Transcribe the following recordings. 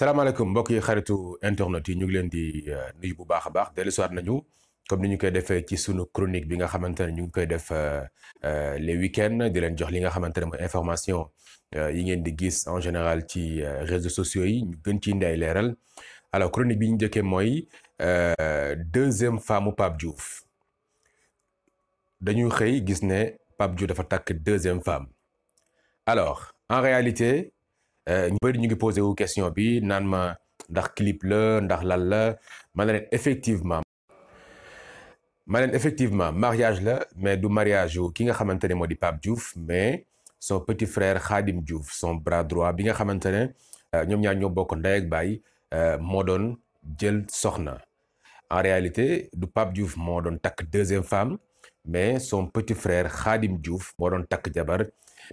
salaamaaleykum mbokk yi xaritu internet yi ñu ngi leen di euh, nuyu bu baax a baax dellusiwaat nañu comme ni ñu koy defee ci sunu chronique bi nga xamante ne ñu ngi koy def euh, euh, les week-ends di leen jox li nga xamante ne mooy information yi ngeen di gis en général ci réseaux sociaux yi ñu gën ci indi ay leeral alors chronique bi ñu njëkkee mooy deuxième femme Pape Diouf dañuy xëy gis ne Pape Diouf dafa takk deuxième femme alors en réalité. Euh, ñu bëri ñu ngi posé wu question bi naan ma ndax clip la ndax lan la ma ne leen effectivement ma leen effectivement mariage la mais du mariage yu ki nga xamante ne moo di Pape jouf mais son petit frère Khadim Diouf son bras droit bi nga xamante ne euh, ñoom ñaar ñoo bokk ndey ak baay euh, moo doon jël soxna en réalité du Pape Diouf moo doon takk deuxième femme mais son petit frère Khadim Diouf moo doon takk jabar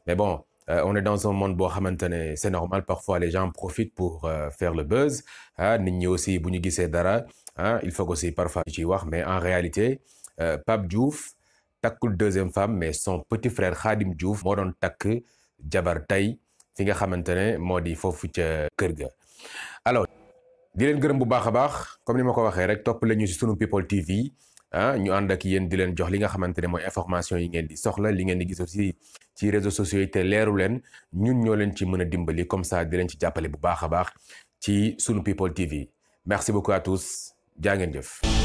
mais bon Euh, on est dans un monde boo xamante ne c'est normal parfois les gens en profitent pour euh, faire le buzz ah nit ñi aussi bu ñu gisee dara ah il faut que aussi parfois ciy wax mais en réalité euh, Pape takkul deuxième femme mais son petit frère Khadim Diouf moo doon takk jabar tey fi nga xamante ne moo di foofu ca kër ga alors di leen gërëm bu baax a baax comme ni ma ko waxee rek topp la ñu si sunu People TV ah ñu ànd ak yéen di leen jox li nga xamante ne mooy information yi ngeen di soxla li ngeen di gis ci réseaux sociaux yi te leeru leen ñun ñoo leen ci mën a dimbali comme ça di leen ci jàppale bu baax a baax ci sunu People TV merci beaucoup à tous jaa ngeen